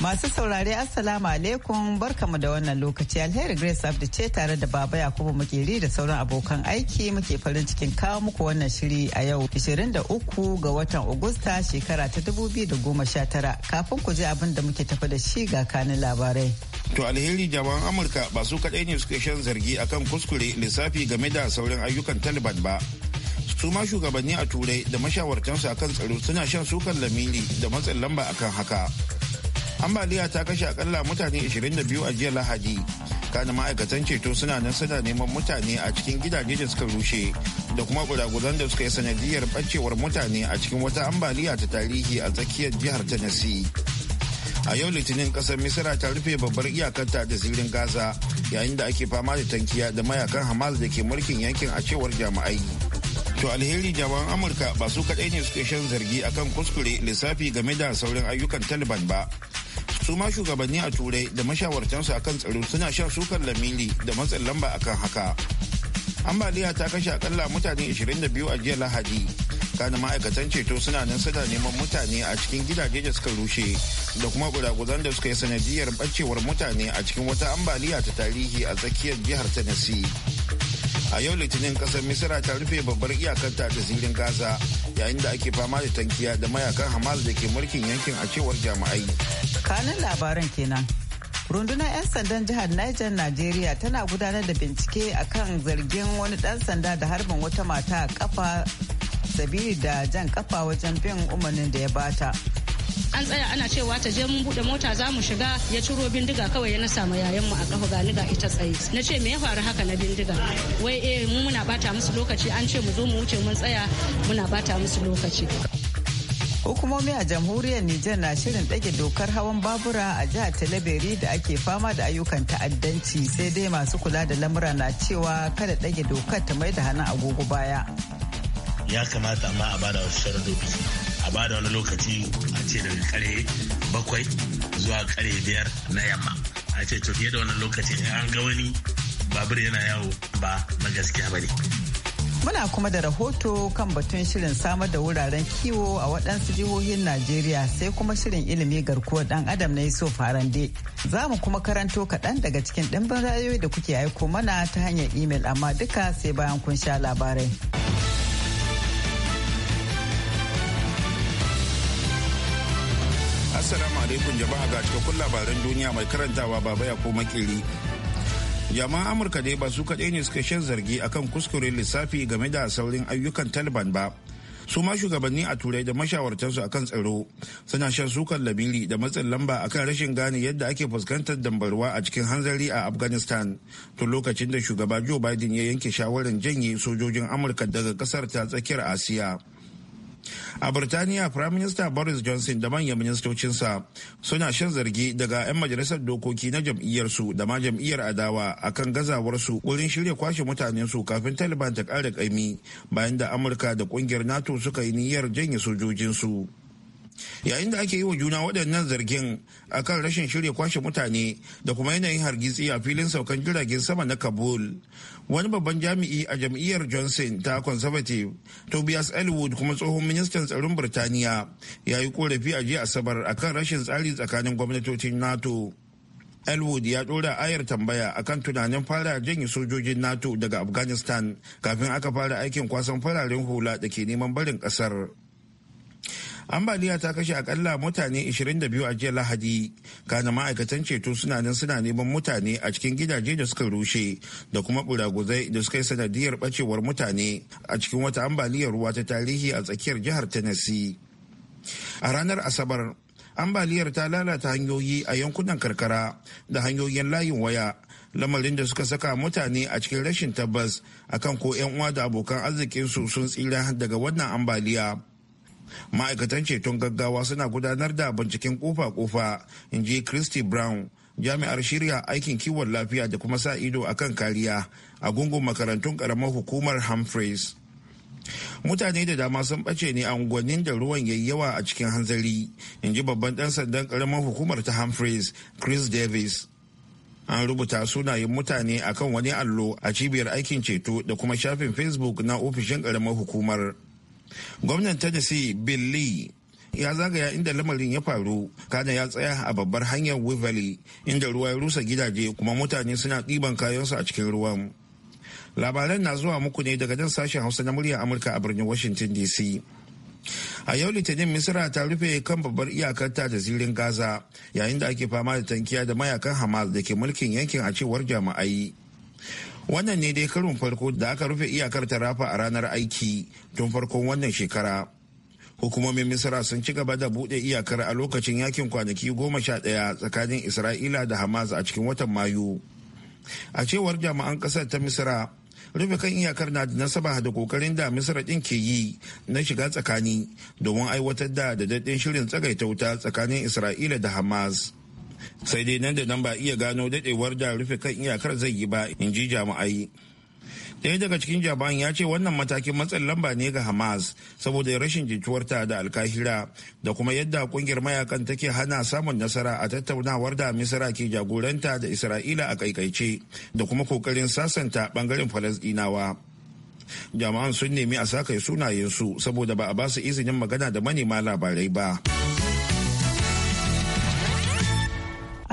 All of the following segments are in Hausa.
Masu saurare Assalamu alaikum barkamu da wannan lokaci alheri Grace Abdi ce tare da Baba Yakubu Makeri da sauran abokan aiki muke farin cikin kawo muku wannan shiri a yau 23 ga watan Agusta shekara ta 2019 kafin ku je abin da muke tafi da shi ga kanin labarai. To alheri jami'an Amurka ba su kaɗai ne suka shan zargi akan kuskure lissafi game da sauran ayyukan Taliban ba. su ma shugabanni a turai da mashawartansu akan tsaro suna shan sukan lamiri da matsin lamba akan haka. ambaliya ta kashe akalla mutane 22 a jiya lahadi kana ma'aikatan ceto suna nan suna neman mutane a cikin gidaje da suka rushe da kuma gudagudan da suka yi sanadiyar bacewar mutane a cikin wata ambaliya ta tarihi a tsakiyar jihar tennessee a yau litinin kasar misira ta rufe babbar iyakanta da zirin gaza yayin da ake fama da tankiya da mayakan hamas da ke mulkin yankin a cewar jami'ai to alheri jami'an amurka ba su kadai ne suke shan zargi akan kuskure lissafi game da sauran ayyukan taliban ba su ma shugabanni a turai da a kan tsaro suna shan sukar lamili da matsin lamba akan haka ambaliya ta kashe akalla mutane 22 a jiya lahadi kana ma'aikatan ceto suna nan suna neman mutane a cikin gidaje da suka rushe da kuma gudaguzan da suka yi sanadiyar ɓacewar mutane a cikin wata ambaliya ta tarihi a tsakiyar jihar tennessee a yau litinin kasar misira ta rufe babbar iyakarta da zirin gaza yayin da ake fama da tankiya da mayakan hamas da ke mulkin yankin a cewar jami'ai kanin labaran kenan rundunar 'yan sandan jihar niger najeriya tana gudanar da bincike akan zargin wani dan sanda da harbin wata mata a kafa sabili da jan kafa wajen bin umarnin da ya bata an tsaya ana cewa ta je mun bude mota za mu shiga ya ciro bindiga kawai ya nasa ma yayan mu a kafa ganiga niga ita tsaye na ce me ya faru haka na bindiga wai eh mu muna bata musu lokaci an ce mu zo mu wuce mun tsaya muna bata musu lokaci hukumomi a jamhuriyar niger na shirin ɗage dokar hawan babura a jihar talabiri da ake fama da ayyukan ta'addanci sai dai masu kula da lamura na cewa kada ɗage dokar ta mai da hannun agogo baya ya kamata amma a bada wasu shirin a ba da wani lokaci a ce daga kare bakwai zuwa kare biyar na yamma a ce to fiye da lokaci lokacin an ga wani babur yana yawo ba na gaskiya ba ne Muna kuma da rahoto kan batun shirin samar da wuraren kiwo a waɗansu jihohin Najeriya sai kuma shirin ilimi garkuwar ɗan adam na Yusuf farande. Za mu kuma karanto kaɗan daga cikin ɗimbin ra'ayoyi da kuke aiko mana ta hanyar imel amma duka sai bayan kun sha labarai. Assalamu alaikum jama'a ga cikakkun labaran duniya mai karantawa ba ya ko makeri. Jama'a Amurka dai ba su kaɗai ne suka shan zargi akan kuskuren lissafi game da saurin ayyukan Taliban ba. su ma shugabanni a turai da mashawartansu akan tsaro suna shan sukan labiri da matsin lamba akan rashin gane yadda ake fuskantar dambarwa a cikin hanzari a afghanistan tun lokacin da shugaba joe biden ya yanke shawarar janye sojojin amurka daga kasar ta tsakiyar asiya a birtaniya prime boris johnson da manyan ministocinsa suna shan zargi daga 'yan majalisar dokoki na jam'iyyarsu da ma jam'iyyar adawa a kan gazawarsu wurin shirya kwashe mutanensu kafin taliban ta ƙara ƙaimi bayan da amurka da ƙungiyar nato suka yi niyyar janye sojojinsu yayin da ake yi wa juna waɗannan zargin akan rashin shirya kwashe mutane da kuma yanayin hargitsi a filin saukan jiragen sama na kabul wani babban jami'i a jam'iyyar johnson ta conservative tobias elwood kuma tsohon ministan tsaron birtaniya ya yi korafi a jiya asabar akan rashin tsari tsakanin gwamnatocin nato elwood ya ɗora ayar tambaya akan tunanin fara janye sojojin nato daga afghanistan kafin aka fara aikin kwasan fararen hula da ke neman barin ƙasar ambaliya ta kashe akalla mutane 22 a jiya lahadi kana ma'aikatan ceto suna nan suna neman mutane a cikin gidaje da suka rushe da kuma buraguzai da suka yi sanadiyar bacewar mutane a cikin wata ambaliyar ruwa ta tarihi a tsakiyar jihar tennessee a ranar asabar ambaliyar ta lalata hanyoyi a yankunan karkara da hanyoyin layin waya lamarin da suka saka mutane a cikin rashin tabbas akan ko 'yan uwa da abokan arzikinsu sun tsira daga wannan ambaliya ma'aikatan ceton gaggawa suna gudanar da binciken kofa-kofa in ji christy brown jami'ar shirya aikin kiwon lafiya da kuma sa ido a kan kariya a gungun makarantun karamar hukumar humphreys mutane da dama sun bace ne a unguwannin da ruwan yayi yawa a cikin hanzari in ji babban dan sandan karamar hukumar ta humphreys chris davis an rubuta sunayen mutane akan wani allo a cibiyar aikin ceto da kuma shafin facebook na ofishin karamar hukumar gwamnan tennessee bill lee ya zagaya inda lamarin ya faru kana ya tsaya a babbar hanyar waverly inda ruwa ya rusa gidaje kuma mutane suna ɗiban kayansu a cikin ruwan labaran na zuwa muku ne daga nan sashen hausa na murya amurka a birnin washington dc a yau litinin misira ta rufe kan babbar iyakarta da zirin gaza yayin da ake fama da tankiya da mayakan hamas da ke mulkin yankin a cewar jama'ai wannan ne dai karin farko da aka rufe iyakar ta rafa a ranar aiki tun farkon wannan shekara hukumomin misira sun ci gaba da bude iyakar a lokacin yakin kwanaki goma sha ɗaya tsakanin isra'ila da hamas a cikin watan mayu a cewar jami'an ƙasar ta misira rufe kan iyakar na da nasaba da kokarin da misira ɗin ke yi na shiga tsakani domin aiwatar da da daɗin shirin tsagaita wuta tsakanin isra'ila da hamas sai dai nan da nan ba iya gano dadewar da rufe kan iyakar zai yi ba in ji jami'ai ɗaya daga cikin jaban ya ce wannan matakin matsin lamba ne ga hamas saboda rashin jituwarta da alkahira da kuma yadda kungiyar mayakan take hana samun nasara a tattaunawar da misira ke jagoranta da isra'ila a kaikaice da kuma kokarin sasanta bangaren falasdinawa jama'an sun nemi a sakai sunayensu saboda ba a basu izinin magana da manema labarai ba.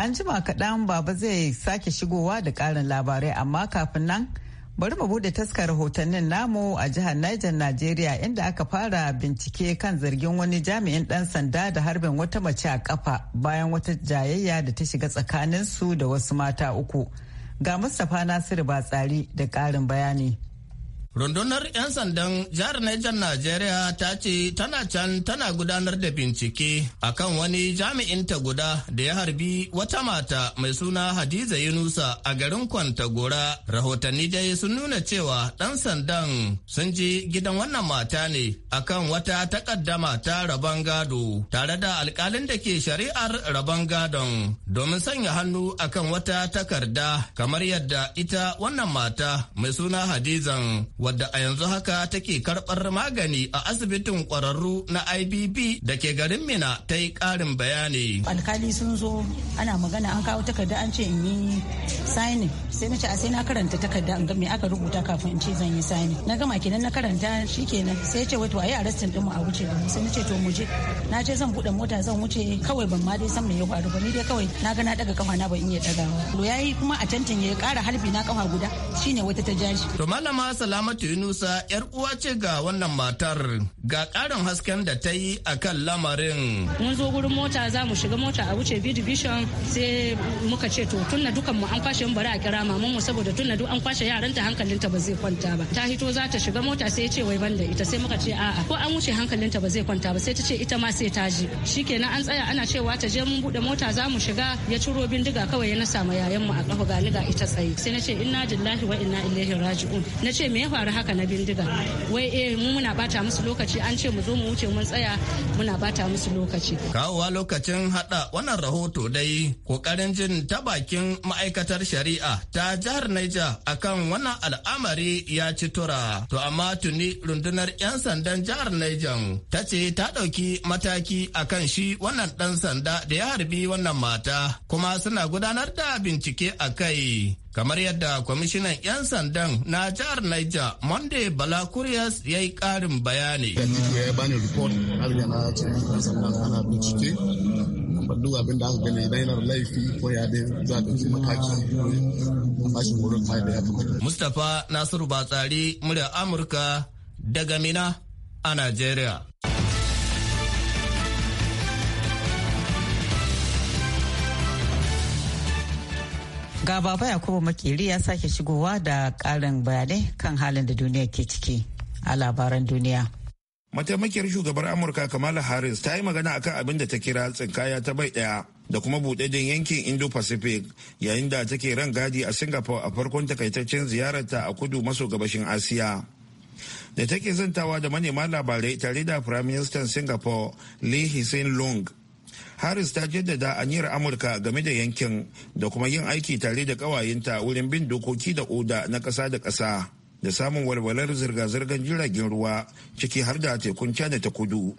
An jima kaɗan baba zai sake shigowa da ƙarin labarai amma kafin nan bari mu bude taskar rahotannin namu a jihar Niger Najeriya inda aka fara bincike kan zargin wani jami'in ɗan sanda da harbin wata mace a ƙafa bayan wata jayayya da ta shiga tsakaninsu da wasu mata uku. Ga Mustapha Nasiru Batsari da ƙarin bayani. Rundunar 'yan sandan jihar Niger Najeriya ta ce tana can tana gudanar da bincike akan wani jami'inta guda da ya harbi wata mata mai suna Hadiza Yunusa a garin Kwantagora. Rahotanni dai sun nuna cewa ɗan sandan sun ji gidan wannan mata ne akan wata takaddama ta rabon gado tare da alkalin da ke shari'ar rabon gadon domin sanya hannu akan wata takarda kamar yadda ita wannan mata mai suna Hadizan wadda a yanzu haka take karɓar magani a asibitin ƙwararru na ibb da ke garin mina ta yi ƙarin bayani alkali sun zo ana magana an kawo takarda an ce in yi sainin sai na ce a sai na karanta takarda in ga me aka rubuta kafin in ce zan yi sainin na gama kenan na karanta shikenan sai ce wato ayi arrestin din mu a wuce da sai na ce to mu je na ce zan buɗe mota zan wuce kawai ban ma dai san me ya faru ba ni dai kawai na ga na daga kafa na ban iya dagawa to yayi kuma a tantin ya kara harbi na kafa guda shine wata ta jaji to malama salama Salamatu Yunusa yar uwa ce ga wannan matar ga ƙarin hasken da ta yi a kan lamarin. Mun zo gurin mota za mu shiga mota a wuce Bidi Bishon sai muka ce to tunna dukan mu an kwashe mu bari a kira mamu mu saboda tunna duk an kwashe yaran ta hankalinta ba zai kwanta ba. Ta hito za ta shiga mota sai ce wai banda ita sai muka ce a'a ko an wuce hankalinta ba zai kwanta ba sai ta ce ita ma sai ta ji. Shikenan an tsaya ana cewa ta je mun bude mota za mu shiga ya ciro bindiga kawai ya nasa ma yayan mu a kafa ga ita tsaye. Sai na ce inna lillahi wa inna ilaihi raji'un. Na ce me ya faru haka na bindiga wai eh mu muna bata musu lokaci an ce mu zo mu wuce mun tsaya muna bata musu lokaci kawowa lokacin hada wannan rahoto dai kokarin jin ta bakin ma'aikatar shari'a ta jihar Niger akan wannan al'amari ya ci tura to amma tuni rundunar 'yan sandan jihar Niger ta ce ta dauki mataki akan shi wannan dan sanda da ya harbi wannan mata kuma suna gudanar da bincike a kai kamar yadda kwamishinan 'yan sandan na jihar Niger Monday Bala Kuriyas ya yi karin bayani. Ya bani report har yana cikin ana bincike duk abin da aka gani idan yana laifi ko ya dai za a ɗauki mataki a bashin wurin mai da ya kamata. Mustapha Nasiru Batsari murya Amurka daga Mina a Najeriya. Ga baba Yakubu Makeri ya sake shigowa da karin bayanai kan halin da duniya ke ciki a labaran duniya. Mataimakiyar shugabar Amurka Kamala Harris ta yi magana akan abin da ta kira tsinkaya ta bai daya da kuma buɗaɗɗen yankin Indo-Pacific yayin da take ran gadi a Singapore a farkon takaitaccen ziyararta a kudu maso gabashin Asiya. Da take zantawa da manema labarai tare da Prime Minister Singapore Lee Hsien Loong harris ta jaddada aniyar amurka game da yankin da kuma yin aiki tare da kawayenta wurin bin dokoki da oda na ƙasa da ƙasa da samun walwalar zirga-zirgar jiragen ruwa ciki har da tekun da ta kudu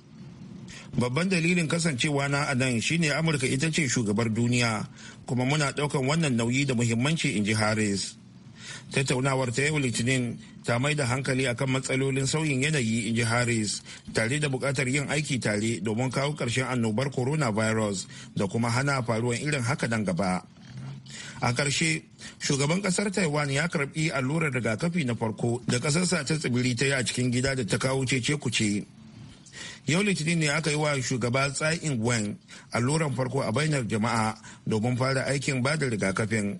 babban dalilin kasancewa na a nan shine amurka ita ce shugabar duniya kuma muna ɗaukan wannan nauyi da muhimmanci in ji harris tattaunawar ta yau litinin ta mai da hankali akan matsalolin sauyin yanayi in ji harris tare da bukatar yin aiki tare domin kawo karshen annobar coronavirus da kuma hana faruwar irin haka nan gaba a ƙarshe shugaban ƙasar taiwan ya karbi allurar rigakafi na farko da ƙasarsa ta tsibiri ta yi a cikin gida da ta kawo cece kuce yau litinin ne aka yi wa shugaba tsain wen alluran farko a bainar jama'a domin fara aikin bada rigakafin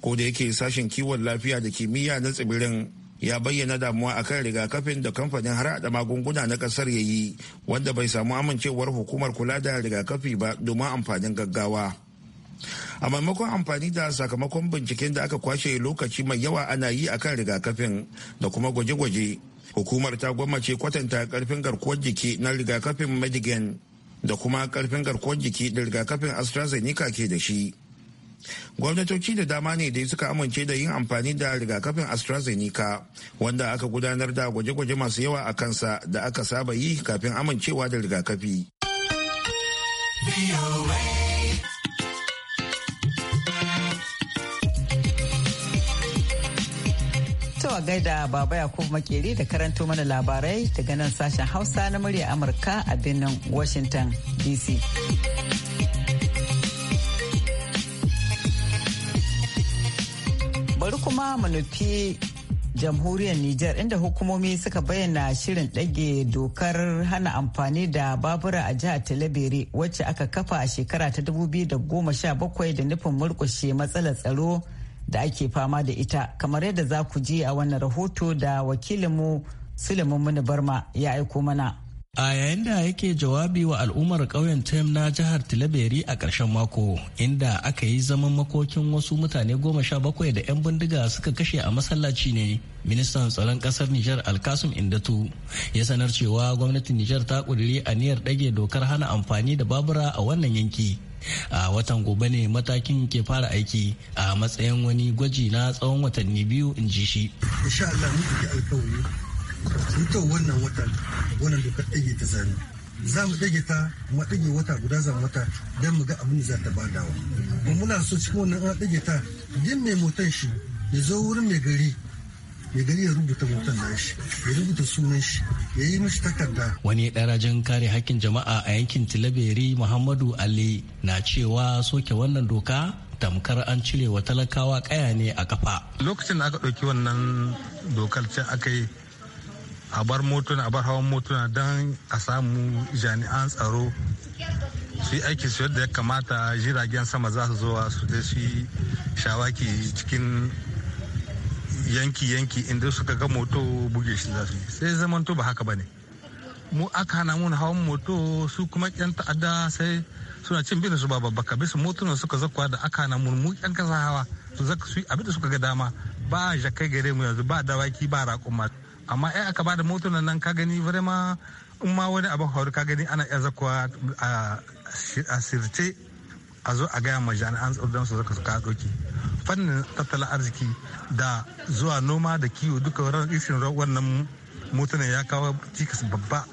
ko da yake sashen kiwon lafiya da kimiyya na tsibirin ya bayyana damuwa akan rigakafin da kamfanin harada magunguna na kasar ya yi wanda bai samu amincewar hukumar kula da rigakafi ba domin amfanin gaggawa a maimakon amfani da sakamakon binciken da aka kwashe lokaci mai yawa ana yi akan rigakafin da kuma gwaje-gwaje hukumar ta gwammace kwatanta karfin garkuwar jiki na rigakafin medigan da kuma karfin garkuwar jiki da rigakafin astrazeneca ke da shi gwamnatoci da dama ne da suka amince da yin amfani da rigakafin astrazeneca wanda aka gudanar da gwaje-gwaje masu yawa a kansa da aka saba yi kafin amincewa da rigakafi a gaida baba yakub makeri da karanto mana labarai daga nan sashen hausa na murya amurka a birnin washington dc kuma mu nufi jamhuriyar Nijar inda hukumomi suka bayyana shirin ɗage dokar hana amfani da babura a jihar Talabere wacce aka kafa a shekara ta 2017 da nufin murkushe matsalar tsaro da ake fama da ita kamar yadda za ku ji a wannan rahoto da wakilinmu Suleiman Muni Barma ya aiko mana. A yayin da yake jawabi wa al'ummar ƙauyen Tem na jihar Tilaberi a ƙarshen mako, inda aka yi zaman makokin wasu mutane goma sha bakwai da 'yan bindiga suka kashe a masallaci ne, ministan tsaron ƙasar Nijar Alkasum Indatu ya sanar cewa gwamnatin Nijar ta ƙudiri aniyar ɗage dokar hana amfani da babura a wannan yanki. A watan gobe ne matakin ke fara aiki a matsayin wani gwaji na tsawon watanni biyu in ji shi. fito wannan watan wannan dokar ɗage ta zane za mu ɗage ta kuma ɗage wata guda za mu wata don mu ga abin da za ta badawa kuma muna so cikin wannan an ɗage ta yin mai motan shi ya zo wurin mai gari mai gari ya rubuta motar shi ya rubuta sunan shi ya yi mishi takarda. Wani ɗarajin kare hakkin jama'a a yankin Tilaberi Muhammadu Ali na cewa soke wannan doka tamkar an cire wa talakawa kaya ne a kafa. Lokacin da aka ɗauki wannan dokar ce aka yi a bar motuna a bar hawan motuna don a samu jami'an tsaro su yi aiki su yadda ya kamata jiragen sama za su zuwa su da shi shawaki cikin yanki-yanki inda suka ga moto buge shi za su yi sai zamanto ba haka ba ne mu aka hana mun hawan moto su kuma yan ta'adda sai suna cin bin su ba ka bisa motunan suka zakwa da aka hana mun mu yan kasa hawa su zaka su abin da suka ga dama ba jakai gare mu yanzu ba dawaki ba raƙuma amma ai aka bada motar nan ka gani vraiment in ma wani abu hauri ka gani ana iya kuwa a sirce a zo a gaya ma jami'an tsaro don su zaka ka fannin tattalin arziki da zuwa noma da kiwo duka rashin wannan motunan ya kawo cikas babba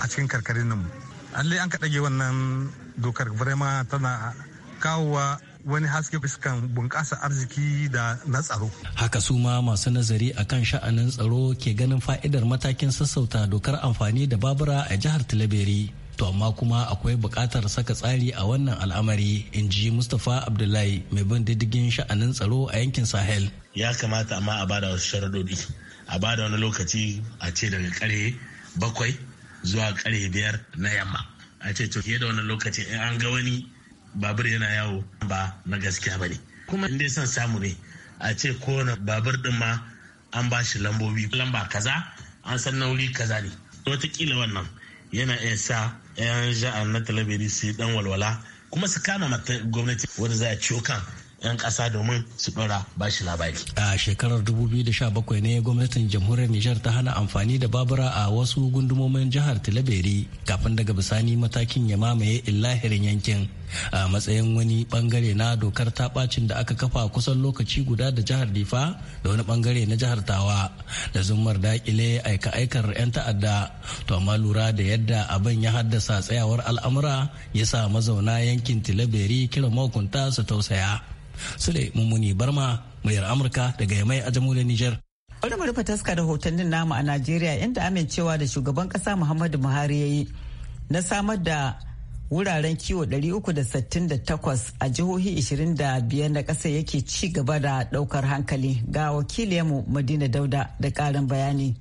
a cikin karkarin nan allai an ka ɗage wannan dokar vraiment tana kawowa wani haske fuskan bunƙasa arziki da na tsaro. Haka su ma masu nazari a kan sha'anin tsaro ke ganin fa'idar matakin sassauta dokar amfani da babura a jihar Tilaberi. To amma kuma akwai buƙatar saka tsari a wannan al'amari in ji Mustapha Abdullahi mai bin diddigin sha'anin tsaro a yankin Sahel. Ya kamata amma a bada wasu sharaɗoɗi. A bada wani lokaci a ce daga ƙarhe bakwai zuwa ƙarhe biyar na yamma. A ce to fiye da wani lokaci in an ga wani babur yana yawo ba na gaskiya ba ne kuma inda son samu ne a ce kowane babur din ma an ba shi lambobi lamba kaza an san nauri kaza ne watakila wannan yana iya sa 'yan ja'an na talabiri su dan walwala kuma su kama mata gwamnati wanda za a ciyo kan 'yan kasa domin su ɗora ba shi labari. A shekarar 2017 ne gwamnatin jamhuriyar Nijar ta hana amfani da babura a wasu gundumomin jihar Tilaberi kafin daga bisani matakin ya mamaye illahirin yankin. a matsayin wani bangare na dokar ta bacin da aka kafa kusan lokaci guda da jihar difa da wani bangare na jihar tawa da zumar dakile aika aikar 'yan ta'adda to amma lura da yadda abin ya haddasa tsayawar al'amura ya sa mazauna yankin tilaberi kiran mahukunta su tausaya sule mummuni barma muryar amurka daga yamai a jamhuriyar niger wani mu rufe taska da hotunan namu a najeriya inda amincewa da shugaban kasa muhammadu buhari ya yi na samar da wuraren kiwo 368 a jihohi 25 na ƙasa yake ci gaba da ɗaukar hankali ga wakilinmu madina dauda da ƙarin bayani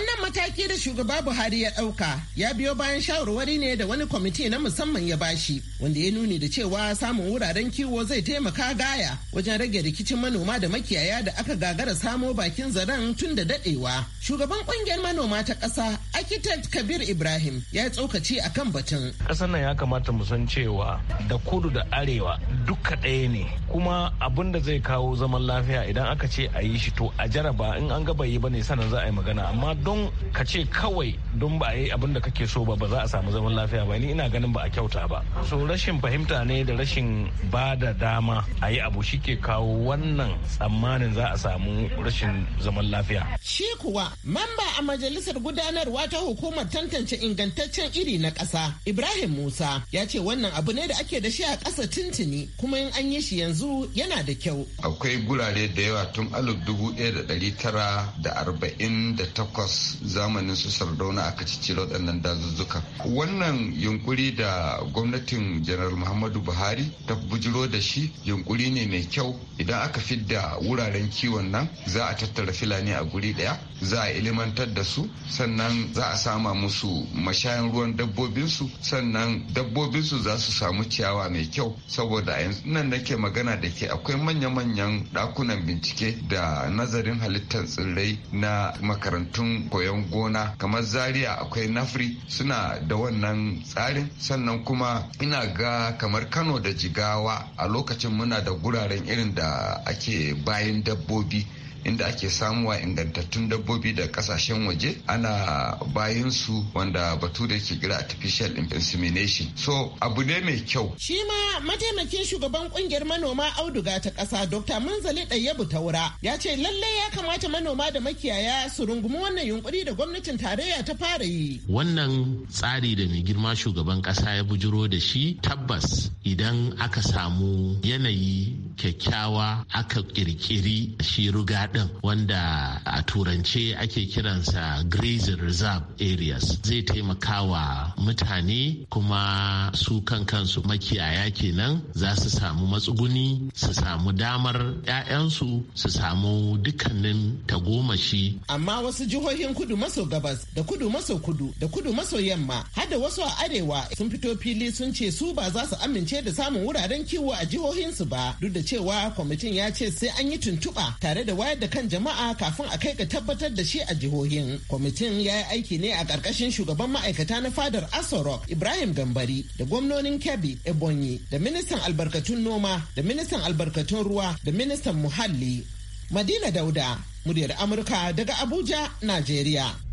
Wannan mataki da shugaba Buhari ya ɗauka ya biyo bayan shawarwari ne da wani kwamiti na musamman ya bashi wanda ya nuni da cewa samun wuraren kiwo zai taimaka gaya wajen rage rikicin manoma da makiyaya da aka gagara samo bakin zaren tun da daɗewa. Shugaban ƙungiyar manoma ta ƙasa akitet Kabir Ibrahim ya yi tsokaci a kan batun. Ƙasar nan ya kamata mu san cewa da kudu da arewa duka ɗaya ne kuma abin da zai kawo zaman lafiya idan aka ce a yi shi to a jaraba in an gaba yi ba ne sannan za a yi magana amma don ka ce kawai don ba a yi abin da kake so ba ba za a samu zaman lafiya ba ni ina ganin ba a kyauta ba so rashin fahimta ne da rashin ba da dama a yi abu shi ke kawo wannan tsammanin za a samu rashin zaman lafiya shi kuwa mamba a majalisar gudanarwa ta hukumar tantance ingantaccen iri na ƙasa ibrahim musa ya ce wannan abu ne da ake da shi a ƙasa tintini kuma in an yi shi yanzu yana da kyau akwai gurare da yawa tun alif dubu ɗaya da ɗari tara da arba'in da takwas zamanin su sardauna aka cicire waɗannan dazuzzuka wannan yunkuri da gwamnatin janar muhammadu buhari ta bujiro da shi yunkuri ne mai kyau idan aka fidda wuraren kiwon nan za a tattara filani a guri ɗaya za a ilimantar da su sannan za a sama musu mashayan ruwan dabbobinsu sannan dabbobinsu za su samu ciyawa mai kyau saboda a yanzu nan nake magana da ke akwai manya-manyan ɗakunan bincike da nazarin halittar tsirrai na makarantun koyon gona kamar zaria akwai nafri suna da wannan tsarin sannan kuma ina ga kamar kano da jigawa a lokacin muna da guraren irin da ake bayan dabbobi inda ake samuwa ingantattun dabbobi da kasashen waje ana bayan su wanda bature ke kira artificial insemination so abu ne mai kyau shi ma mataimakin shugaban kungiyar manoma auduga ta kasa dr manzali ɗayyabu taura ya ce lallai ya kamata manoma da makiyaya su rungumi wannan yunkuri da gwamnatin tarayya ta fara yi wannan tsari da mai girma shugaban kasa ya bujiro da shi tabbas idan aka samu yanayi kyakkyawa aka kirkiri shi ruga din wanda a turance ake kiransa grazing reserve areas zai taimaka wa mutane kuma su kan kansu makiyaya kenan za su samu matsuguni su samu damar 'ya'yansu su samu dukkanin tagomashi amma wasu jihohin kudu maso gabas da kudu maso kudu da kudu maso yamma har da wasu a arewa sun fito fili sun ce su ba za su amince da samun wuraren kiwo a jihohinsu ba duk da cewa kwamitin ya ce sai an yi tuntuɓa tare da wayar da kan jama'a kafin a kai ga tabbatar da shi a jihohin. Kwamitin ya yi aiki ne a ƙarƙashin shugaban ma'aikata na fadar asorok Ibrahim Gambari da gwamnonin Kebbi Ebonyi da ministan albarkatun noma da ministan albarkatun ruwa da ministan muhalli. Madina Dauda, muryar Amurka daga Abuja, Najeriya.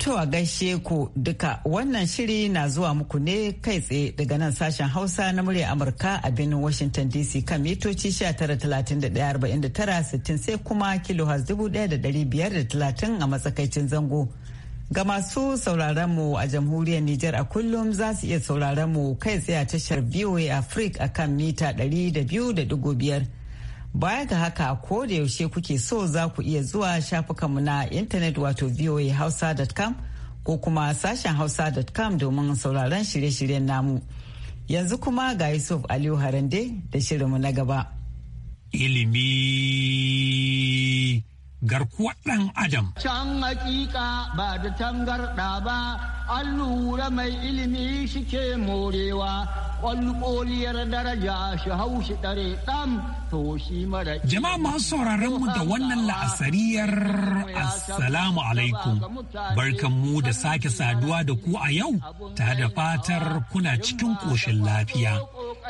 To a gaishe ku duka wannan shiri na zuwa muku ne kai tsaye daga nan sashen Hausa na murya Amurka a birnin Washington DC kan mitoci 19,31,49,60 sai kuma kilohaz 1,530 a matsakaicin zango. Ga masu sauraron mu a jamhuriyar Nijar a kullum za su iya sauraron mu kai tsaye a tashar VOA Africa a kan mita 200.5. Baya ga haka ko da yaushe kuke so za ku iya zuwa shafukanmu na intanet wato voahausa.com ko kuma sashen hausa.com domin sauraron shirye-shiryen namu. Yanzu kuma ga Yusuf Aliyu Harande da shirinmu na gaba. Ilimi garkuwar ɗan Adam. Can hakika ba da tangarɗa ba, allura mai ilimi shike morewa ƙwalƙoliyar daraja shi hau ɗare ɗan to shi mara. Jama'a masu sauraron mu da wannan la'asariyar Assalamu alaikum. Barkan mu da sake saduwa da ku a yau ta da fatar kuna cikin koshin lafiya.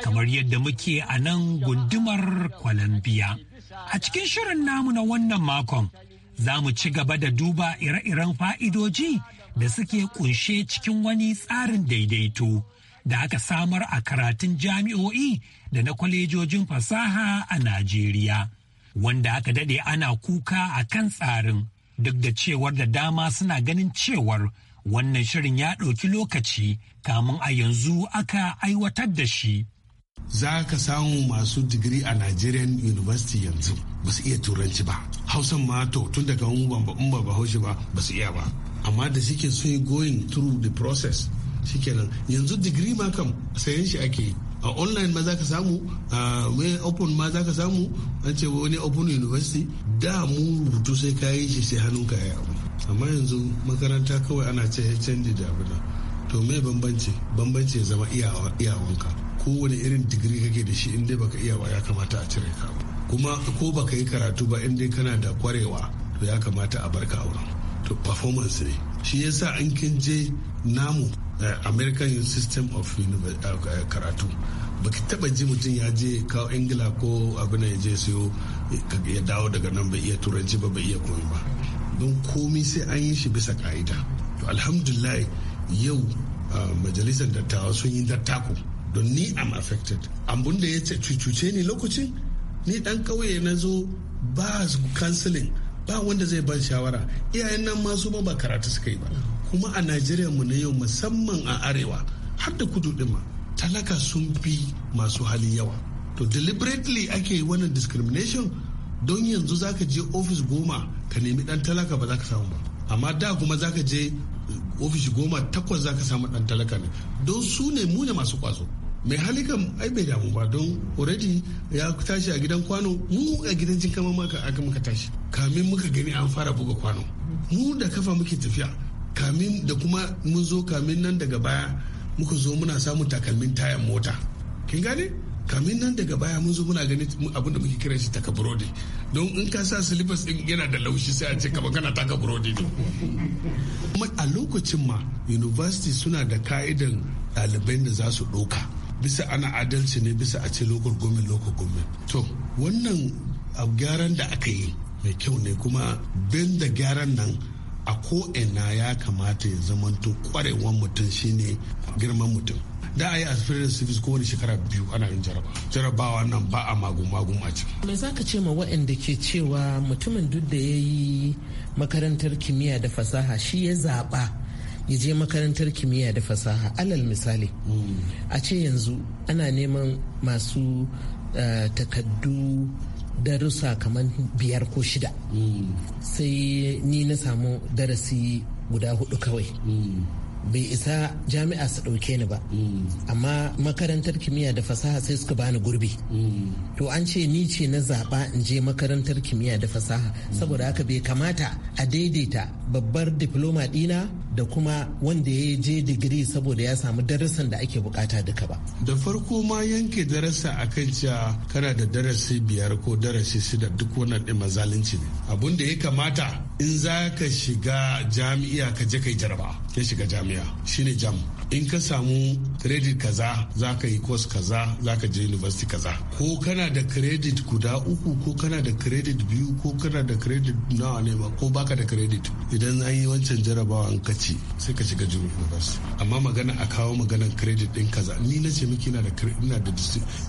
Kamar yadda muke a nan gundumar kwalambiya. A cikin shirin namu na wannan makon, za mu ci gaba da duba ire-iren fa'idoji da suke kunshe cikin wani tsarin daidaito. da aka samar a karatun jami'o'i da na kwalejojin fasaha a Najeriya, wanda aka dade ana kuka a kan tsarin duk da cewar da dama suna ganin cewar wannan shirin ya ɗauki lokaci kamun a yanzu aka aiwatar da shi. Za ka samu masu digiri a Nigerian University yanzu ba su iya turanci ba. Hausan ma to tun daga ban ba ba haushi ba ba su iya ba. Amma da suke so going through the process shikenan yanzu digiri ma kam sayan shi ake yi a online ma za ka samu a mai open ma za ka samu an ce wani open university da mu rubutu sai ka yi shi sai hannun ka ya abu amma yanzu makaranta kawai ana ce canji da abu to me bambanci bambanci ya zama iyawanka kowane irin digiri kake da shi inda baka iya iyawa ya kamata a cire ka kuma ko baka yi karatu ba in kana da kwarewa to ya kamata a barka auren to performance ne shi yasa an kin je namu american system of uh, uh, karatu baki taba ji mutum ya je kawo ingila ko abin ya je siyo ya dawo daga nan bai iya turanci ba bai iya komi ba don komi sai an yi shi bisa ka'ida to alhamdulillah yau uh, majalisar dattawa sun yi dattako don ni am affected abun da ya cucuce ni lokacin ni dan kauye na zo ba counseling ba wanda zai ban shawara iyayen nan masu ba karatu suka yi ba kuma a najeriya mu na yau musamman a arewa har da kudu ɗin ma talaka sun fi masu hali yawa to deliberately ake wannan discrimination don yanzu zaka je ofis goma ka nemi ɗan talaka ba za ka samu ba amma da kuma zaka je eh, ofis goma takwas zaka samu ɗan talaka ne don su ne mu ne masu kwazo mai halikan ai bai damu ba don already ya tashi a gidan kwano mu a gidan cin kama maka aka muka tashi kamin muka gani an fara buga kwano mu da kafa muke tafiya kamin da kuma mun zo kamin nan daga baya muka zo muna samun takalmin tayan mota kin gane kamin nan daga baya mun zo muna gani abin da muke kira shi taka burodi don in ka sa silifas din yana da laushi sai a ce kamar kana taka burodi ne kuma a lokacin ma university suna da ka'idan ɗalibai da za su ɗoka bisa ana adalci ne bisa a ce local government local government to wannan gyaran da aka yi mai kyau ne kuma ben da gyaran nan a ko ina ya kamata ya zamanto kwarewan mutum shine girman mutum da a yi aspirin civis kowane shekara biyu ana yin jaraba jarabawa nan ba a magun-magun a ciki me za ka ce ma waɗanda ke cewa mutumin duk da ya yi makarantar kimiyya da fasaha shi ya zaɓa ya je makarantar kimiyya da fasaha alal misali hmm. a ce yanzu ana neman masu eh, takaddu darussa kamar biyar ko shida sai ni na samu darasi guda hudu kawai bai isa jami'a su ɗauke ni ba amma makarantar kimiyya da fasaha sai suka bani gurbi to an ce ni ce na zaba in je makarantar kimiyya da fasaha saboda haka bai kamata a daidaita babbar diploma dina. da kuma wanda ya je digiri saboda ya samu darasin da ake bukata duka ba. Da farko ma yanke darasa a kan cewa kana da darasi biyar ko darasi shida duk wannan ɗin mazalunci ne. Abun da ya kamata in za ka shiga jami'a ka je kai jaraba ya shiga jami'a shine jam. In ka samu credit kaza za ka yi course kaza za ka je university kaza ko kana da credit guda uku ko kana da credit biyu ko kana da credit nawa ne ba ko baka da credit idan an yi wancan jarabawa an kaci sai ka shiga jirgin university amma magana a kawo maganan credit din kaza ni na ce miki ina da ina da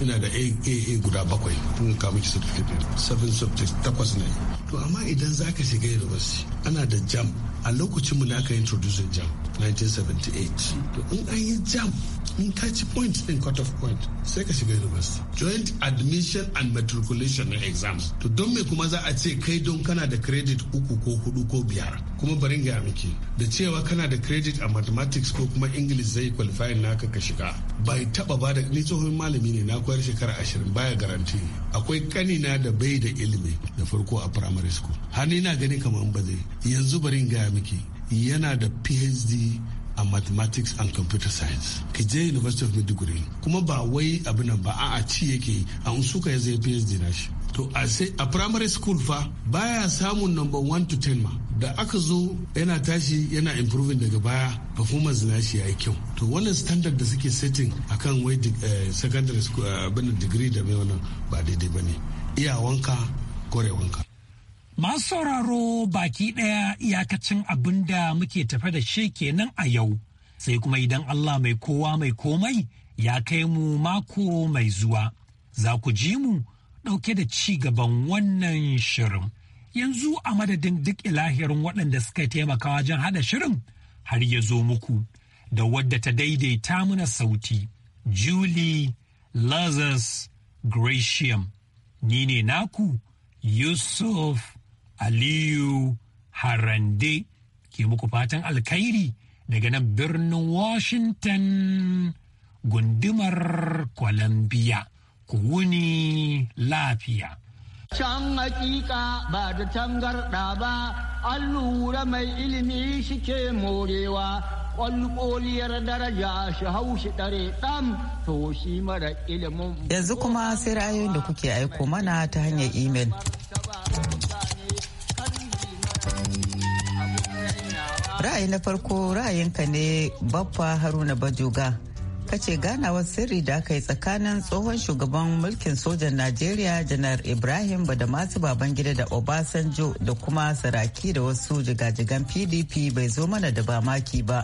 ina da AAA guda bakwai kun ka miki certificate seven subjects takwas ne to amma idan za ka shiga university ana da jam a lokacin mu na ka introduce jam 1978 to in an yi jam in ka ci point din cut off point sai ka shiga university joint admission and matriculation na exams to don me kuma za a ce kai don kana da credit uku ko hudu ko biyar kuma bari gaya miki da cewa kana da credit a mathematics ko kuma english zai qualify naka ka shiga bai taba ba da ni tsohon malami ne na koyar shekara ashirin baya garanti akwai kanina da bai da ilimi da farko a primary school har ni na gani kamar ba zai yanzu bari gaya miki yana da phd a mathematics and computer science ki je university of maiduguri kuma ba wai abin nan ba a ci yake a un suka ya zai phd na shi to a sai a primary school fa baya samun number one to ten ma da aka zo yana tashi yana improving daga baya performance na shi yayi kyau to wannan standard da suke setting akan wai eh, secondary school eh, abin degree da mai wannan ba daidai bane iyawanka wanka. Masu sauraro baki ɗaya iyakacin abin da muke tafe da shi kenan a yau, sai kuma idan Allah mai kowa mai komai ya kai mu mako mai zuwa, za ku ji mu ɗauke da ci gaban wannan shirin. Yanzu a madadin duk ilahirin waɗanda suka taimaka wajen haɗa shirin har ya zo muku da wadda ta daidaita mana sauti, Julie Lazarus Gratiam, ni ne naku Yusuf. Aliyu Harande ke muku fatan alkhairi daga nan birnin Washington gundumar Columbia. Ku wuni lafiya. Can hakika ba da garɗa ba, an lura mai ilimi shike morewa, ƙwalƙoliyar daraja shi haushi ɗare ɗan to shi mara ilimin. Yanzu kuma sai ra'ayoyin da kuke aiko mana ta hanyar imel. ra'ayi na farko ra'ayinka ne baffa haruna bajoga kace ganawar sirri da aka yi tsakanin tsohon shugaban mulkin sojan najeriya janar ibrahim da masu baban gida da obasanjo da kuma saraki da wasu jigajigan pdp bai zo mana da ba maki ba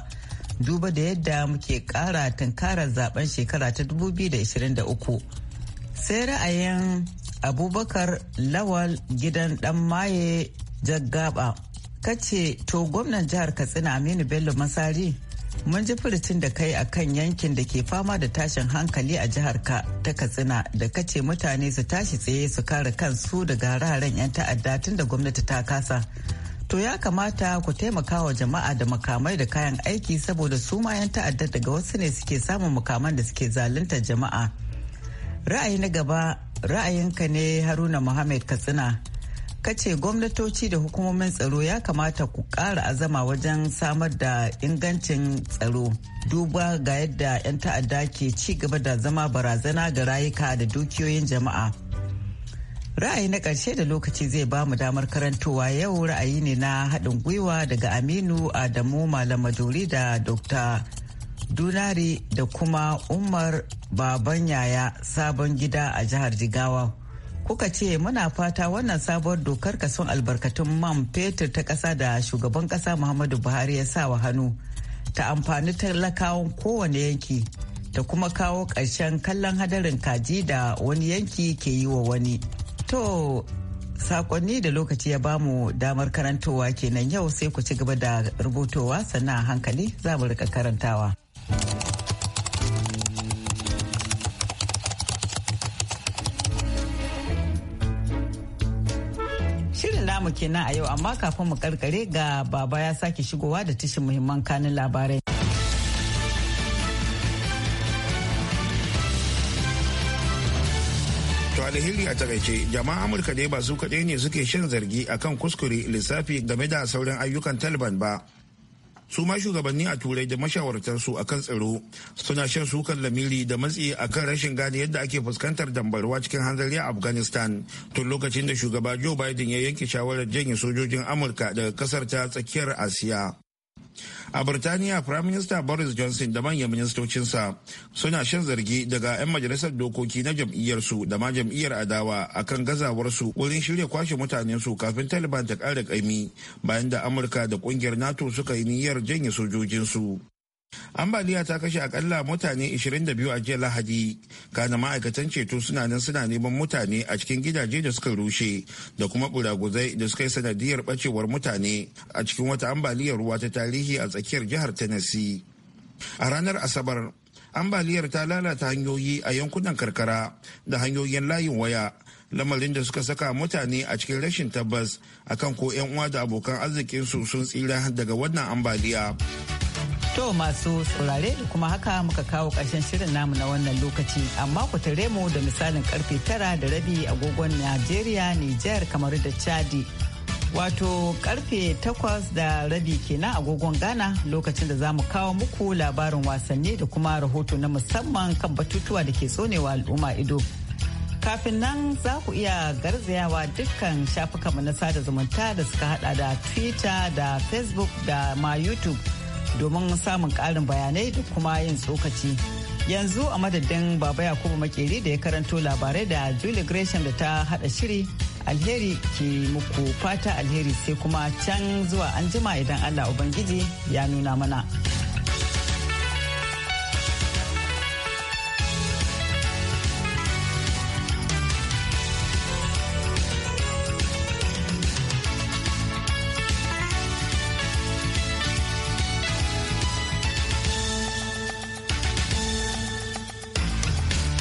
duba da yadda muke kara tunkarar zaben shekara ta 2023 sai ra'ayin abubakar lawal gidan dan maye jaggaba kace to gwamnan jihar katsina aminu bello masari mun ji furucin da kai akan yankin da ke fama da tashin hankali a jihar ka ta katsina da kace mutane su tashi tsaye su kare kansu daga hararen 'yan ta'adda tun da gwamnati ta kasa to ya kamata ku taimaka wa jama'a da makamai da kayan aiki saboda su ma 'yan ta'adda daga wasu ne suke samun makaman da suke zalunta jama'a ra'ayi na gaba ra'ayinka ne haruna muhammad katsina kace gwamnatoci da hukumomin tsaro ya kamata ku ƙara azama wajen samar da ingancin tsaro duba ga yadda 'yan ta'adda ke ci gaba da zama barazana ga rayuka da dukiyoyin jama'a ra'ayi na ƙarshe da lokaci zai ba mu damar karantowa yau ra'ayi ne na haɗin gwiwa daga aminu adamu malam maduri da dr dunari da kuma umar baban yaya sabon gida a jihar jigawa kuka ce muna fata wannan sabuwar dokar kason albarkatun man fetur ta ƙasa da shugaban ƙasa muhammadu buhari ya sa wa hannu ta amfani talakawan kowane yanki ta kuma kawo ƙarshen kallon hadarin kaji da wani yanki ke yi wa wani to sakonni da lokaci ya bamu damar karantowa kenan yau sai ku ci gaba da rubutowa sannan hankali za mu rika karantawa kenan a yau amma kafin mu karkare ga baba ya sake shigowa da tashin muhimman kanin labarai. alheri a takaice jama'a amurka dai ba su kaɗai ne suke shan zargi akan kuskure lissafi game da sauran ayyukan taliban ba su ma shugabanni a turai da mashawartansu a kan tsaro suna shan sukan lamiri da matsi a kan rashin gane yadda ake fuskantar dambarwa cikin hanzari a afghanistan tun lokacin da shugaba joe biden ya yanke shawarar janye sojojin amurka daga kasar ta tsakiyar asiya a birtaniya prime minister boris johnson da manyan ministocinsa suna shan zargi daga 'yan majalisar dokoki na jam'iyyarsu da ma jam'iyyar adawa akan gazawarsu wurin shirya kwashe mutanensu kafin taliban ta ƙara ƙaimi bayan da amurka da ƙungiyar nato suka yi niyyar janye sojojinsu ambaliya ta kashe akalla mutane 22 a jiya lahadi kana ma'aikatan ceto suna nan suna neman mutane a cikin gidaje da suka rushe da kuma buraguzai da suka yi sanadiyar ɓacewar mutane a cikin wata ambaliyar ruwa ta tarihi a tsakiyar jihar tennessee a ranar asabar ambaliyar ta lalata hanyoyi a yankunan karkara da hanyoyin layin waya lamarin da suka saka mutane a cikin rashin tabbas akan ko 'yan uwa da abokan arzikinsu sun tsira daga wannan ambaliya. To masu saurare kuma haka muka kawo ƙarshen shirin namu na wannan lokaci amma ku tare mu da misalin karfe tara da rabi agogon Najeriya, Nijar, kamar da Chadi. Wato karfe takwas da rabi kenan agogon Ghana lokacin da za mu kawo muku labarin wasanni da kuma rahoto na musamman kan batutuwa da ke tsonewa al'umma ido. kafin nan za ku iya garzayawa dukkan shafukanmu na sada zumunta da suka hada da twitter da facebook da ma youtube domin samun karin bayanai da kuma yin tsokaci. Yanzu a madadin Baba Yakubu Makeri da ya karanto labarai da Julie Gresham da ta haɗa shiri alheri ke muku fata alheri sai kuma can zuwa anjima idan Allah Ubangiji ya nuna mana.